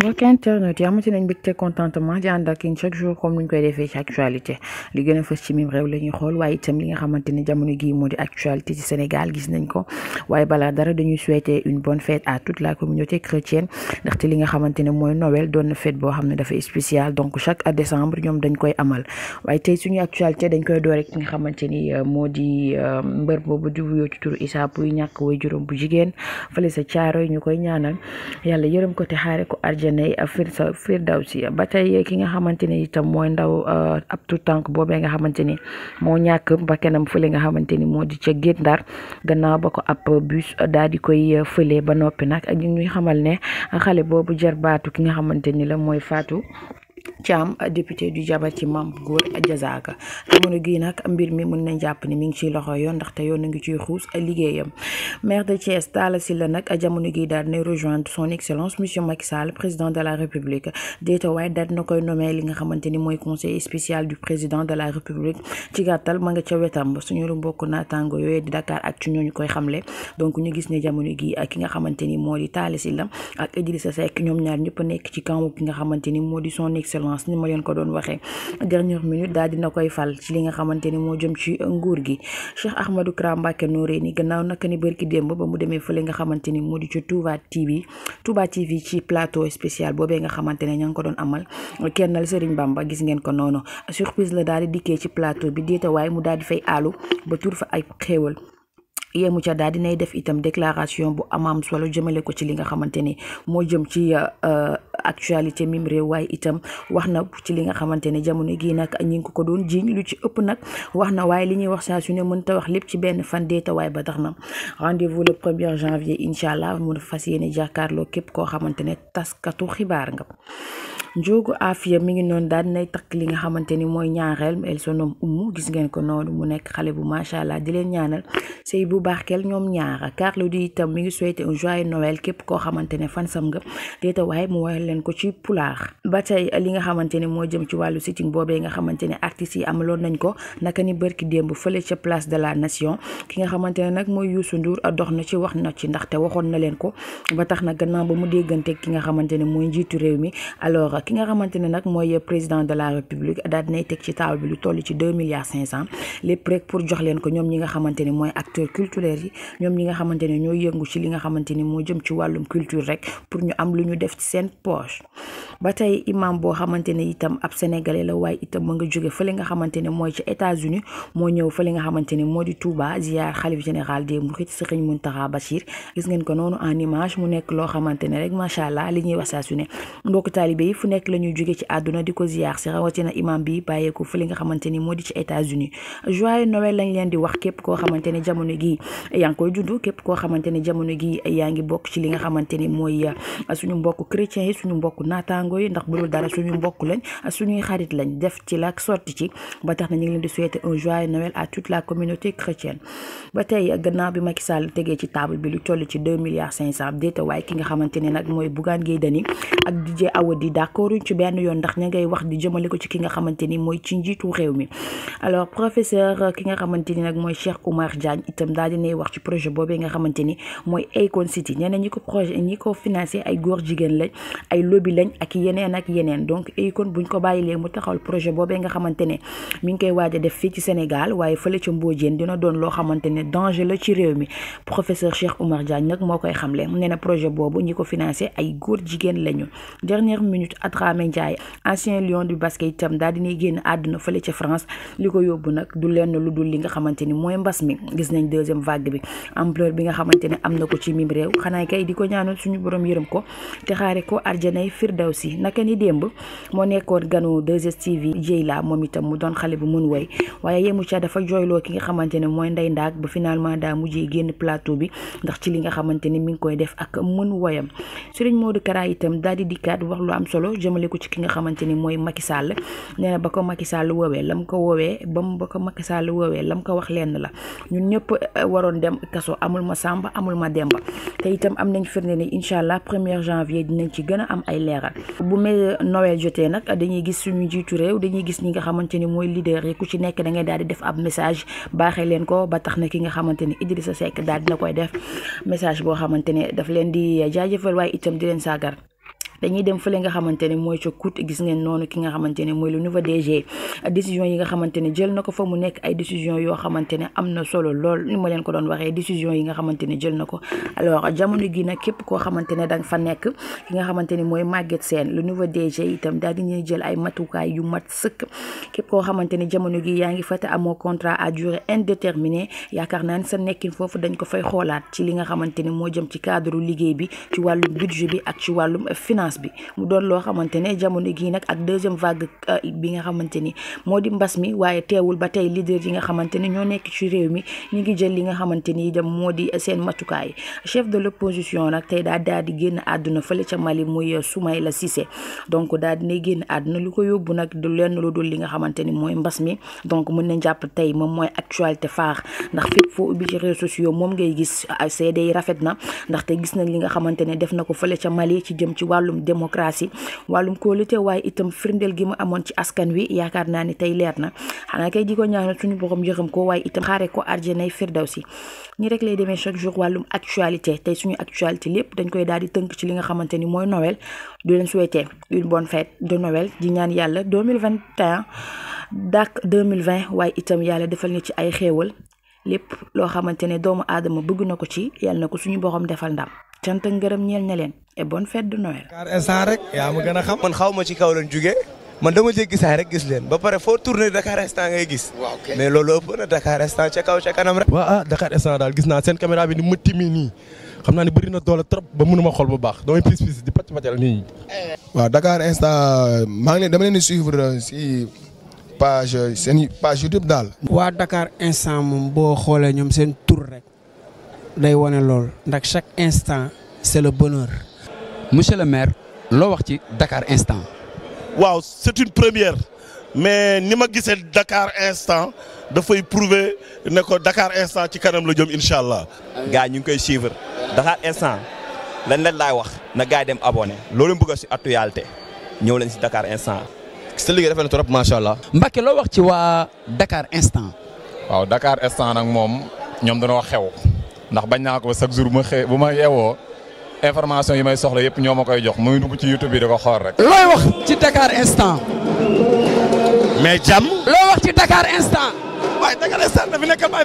mbokk internet yi amati nañ contentement di ànd chaque jour comme ñu koy defee ci actualité li gën a fës ci mim réew la ñuy xool waaye itam li nga xamante ne jamono gii actualité ci Sénégal gis nañ ko waaye balaa dara dañuy souhaiter une bonne fête à toute la communauté chrétienne ndaxte li nga xamante ne mooy Noël doon fête boo xam ne dafa spécial donc chaque décembre ñoom dañ koy amal waaye tey suñu actualité dañ koy door rek ki nga xamante ni euh, moo di euh, mbër boobu di wuyoo ci turu Issa Pouye ñàkk way juróom bu jigéen fële sa caaro ñu koy ñaanal yàlla yërëm ko te xaare ko ne uh, firsa firdawsi uh, ba tey uh, ki nga xamante ni itam mooy ndaw ab tout tànk boobee nga xamante ni moo ñàkk ba kenam fële nga xamante ni moo di ca Guet Ndar gannaaw ba ko ab bus daal di koy fële ba noppi nag a ñu ñuy xamal ne xale boobu jarbaatu ki nga xamante ni la mooy Fatou Thiam député du jabar Mam Mame Gor Diazaka gi nak mbir mi mën nañ japp ni mi ngi ci loxo yon ndax yoon a ngi ciy xuus maire de Thiès Talla Sylla nag jamono gi dal né rejoindre son excellence monsieur Macky Sall président de la république déeta way dal nakoy nommé li nga xamanteni moy conseil spécial du président de la république ci gatal ma nga ci wétam suñu mbokk naataango yooyu di Dakar ak ci ñooñu ñukoy xamlé donc ñu gis né jamono gi ki nga xamanteni modi moo ak Idrissa Seck ñom ñaar ñëpp nekk ci camp ki nga xamanteni modi son excellence Casamance ni ma leen ko doon waxee dernière minute daal dina koy fal ci li nga xamante ni moo jëm ci nguur gi Cheikh Ahmadou Kara Mbacké Noreyni gannaaw naka ni bërki démb ba mu demee fële nga xamante ni moo di ci Touba TV Touba TV ci plateau spécial boobee nga xamante ne ko doon amal kennal Serigne Bamba gis ngeen ko noonu surprise la daal di dikkee ci plateau bi déeta waaye mu daal di fay aalu ba tur fa ay xéewal yéemu ca daal dinay def itam déclaration li nga xamante ni actualité mim réew waaye itam wax na ci li nga xamante ne jamono gi nag ñi ngi ko doon jiiñ lu ci ëpp nag wax na waaye li ñuy wax saa su ne mënta wax lépp ci benn fan deeta waaye ba tax na rendez-vous le premier janvier incha allah mu fas yéene jàkkaarloo képp koo xamante ne taskatu xibaar nga Ndiogou Afia mi ngi noonu daal dinay takk li nga xamante ni mooy ñaareel elle se nomme Oumou gis ngeen ko noonu mu nekk xale bu macha allah di leen ñaanal sëy bu barkeel ñoom ñaara Carlou di itam mi ngi souhaité un joyeux Noël képp koo xamante ne fan sam nga leen ko ci pulaar ba tey li nga xamante ne moo jëm ci wàllu sitting yi ñoom ñi nga xamante ñoo yëngu ci li nga xamante moo jëm ci wàllum culture rek pour ñu am lu ñu def ci seen poche ba tey imam boo xamante itam ab sénégalais la waaye itam mu nga jóge fële nga xamante ne mooy ci États-Unis moo ñëw fële moo di Touba ziar xalif général des mourides Serigne ko noonu en image mu nekk loo xamante ne rek macha allah li ñuy wax saa su di ko ziar si rawatina imam bi bàyyeeku fële nga xamante ni moo di ci États-Unis joyeux Noël lañ leen di wax képp koo xamante ne jamono gii yaa ngi koy juddu képp bokk ci li nga xamante ni mooy ah, suñu mbokk chrétien yi suñu mbokk natango yi ndax bu dul dara suñu mbokk lañ suñu xarit lañ def ci lak sotti ci ba tax na ñu ngi leen di souhaiter un joyeux Noël à toute la communauté chrétienne ba tay gannaaw bi Macky Sall tegee ci table bi lu toll ci deux milliards cinq cent déeta ki nga xamante nak moy mooy Bougane Gueye Dany ak DJ Awadi d'accord ci benn yoon ndax ña ngay wax di jëmaliko ci ki nga xamanteni moy ci njitu réew mi alors professeur ki nga xamanteni nak moy Cheikh Oumar Diagne itam daal dinay wax ci projet boobee nga xamanteni moy mooy City nee ñi ko projet ñi ko financé ay gor jigen lañ ay lobby lañ ak yeneen ak yeneen donc kon buñ ko bàyyilee mu taxawal projet boobee nga xamante ne mi ngi koy waaj a def fii ci Sénégal waaye fële ca Mbodiène dina doon loo xamante ne danger la ci réew mi professeur Cheikh Oumar Diagne nag moo koy xamle mu na projet boobu ñi ko financé ay góor jigéen lañu dernière minute Adrame Ndiaye ancien lion du basket itam daal dinay génn àdduna fële ca France li ko yóbbu nag du lenn lu dul li nga xamante ni mooy mbas mi gis nañ deuxième vague bi ampleur bi nga xamante ne am na ko ci mim réew xanaa kay di ko suñu borom yërëm ko te xaare ko aljanay Firdausi, nakani demb mo moo ganu 2 TV, jeyla moom itam mu don xale bu mun way waye yemu ci dafa joylo ki nga xamantene moy nday ndak ndaag ba finalement daa mujjee genn plateau bi ndax ci li nga xamantene mi ngi koy def ak mun wayam Serigne Modou Kara itam daal dikat wax lu am solo jëmale ko ci ki nga xamantene moy Macky Sall neena na Macky Sall wowe lam ko wowe bam bako Macky Sall wowe lam ko wax len la ñun ñepp eh, waron dem kaso amul ma samba amul ma demba te itam am nañ firnde ne incha premier janvier dinañ ci gëna am ay leeral bu mel Noël jotee nag dañuy gis suñu jiitu réew dañuy gis ni nga xamante ni mooy leader yi ku ci nekk da ngay daal di def ab message baaxe leen ko ba tax na ki nga xamante ni Idrissa Seck daal dina koy def message boo xamante ne daf leen di jaajëfal waaye itam di leen saagar dañuy dem fële nga xamante moy ci ca gis ngeen nonu ki nga xamante moy le nouveau DG décision yi nga xamante ne jël na ko fa mu nekk ay décision yo xamante amna solo lol ni ma len ko don waxe décision yi nga xamante ne jël na alors jamono gi nag kep ko xamante dang fa nek ki nga xamante moy mooy Maguette Sène le nouveau DG itam dal di ñuy jël ay matukaay yu mat seuk kep ko xamante jamono gi yaangi ngi amo contrat à durée indéterminée yaakaar naa ne sa nekkin foofu dañ ko fay xolaat ci li nga xamante mo jëm ci cadre liggéey bi ci wàllum budget bi ak ci wàllum finance dépense bi mu doon loo xamante ne jamono gii nag ak deuxième vague euh, bi nga xamante moo di mbas mi waaye teewul ba tey leader yi nga xamante ne ñoo nekk ci réew mi ñu ngi jël li nga xamante ni moo di seen matukaay chef de l'opposition nag tey daa daal di génn àdduna fële ca Mali muy euh, Soumaïla Cissé donc daal dina génn àdduna lu ko nag du lenn lu dul li nga xamante ni mooy mbas mi donc mën nañ jàpp tey moom mooy actualité phare ndax fépp foo ubbi ci réseaux sociaux moom ngay gis seede rafet na ndaxte gis nañ li nga xamante def na ko fële ca Mali ci jëm ci wàllum wàllum démocratie wàllum kóolute waaye itam firndeel gi mu amoon ci askan wi yaakaar naa ni tey leer na xanaa kay di ko ñaanal suñu borom yërëm ko waaye itam xaare ko arjanay firdawsi ñi rek lay demee chaque jour wàllum actualité tey suñu actualité lépp dañ koy daal di tënk ci li nga xamante ni mooy Noël di leen souhaiter une bonne fête de Noël di ñaan yàlla 2021 dak 2020 waaye itam yàlla defal ni ci ay xéewal lépp loo xamante ne doomu aadama bëgg na ko ci yàlla na ko suñu borom defal ndam cant ngeureum ñeel na leen et bonne fête de Noël. car instant rek ya ma gëna xam. man xawma ci kaw lañ juggé man dama jé saa rek gis leen ba paré fo tourner Dakar instant ngay gis. mais lolo ëpp na Dakar instant ci kaw ci kanam rek. wa ah Dakar instant dal gis na sen caméra bi ni mutti mi ni xamna ni bari na doole trop ba mënuma xol bu baax dama pis pis di patch patchal ni wa Dakar instant ma ngi dama leen di suivre ci page sen page YouTube dal wa Dakar instant mom bo xolé ñom sen tour rek. day chaque instant c'est le bonheur. monsieur le maire loo wax ci Dakar instant. wow c'est une première mais ni ma gisee Dakar instant Il faut prouver que Dakar instant ci kanam la jëm incha Les gars ñu sommes koy suivre Dakar instant lan leen laay wax na gars yi dem abonné loolu bëgg si actualité ñëw leen si Dakar instant. C'est sa liggéey rafet na trop macha allah. Mbacke loo wax ci waa Dakar instant. Dakar instant nag moom ñoom dañoo xew. ndax bañ naa ko chaque jour bu ma xëy bu ma yeewoo information yi may soxla yëpp ñoo ma koy jox muy dugg ci YouTube bi da ko xool rek. looy wax ci Dakar instant. mais jàmm. looy wax ci Dakar instant. waaye Dakar instant dafi nekkal Baye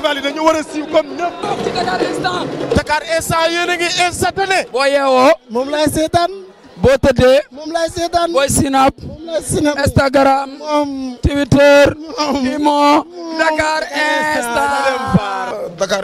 Fall yi siiw comme ñëpp. looy ci Dakar instant. Dakar instant yéen a ngi instantané. boo yeewoo. moom laay seetaan. boo tëddee. moom laay seetaan. booy sinap. Instagram. Twitter. moom Dakar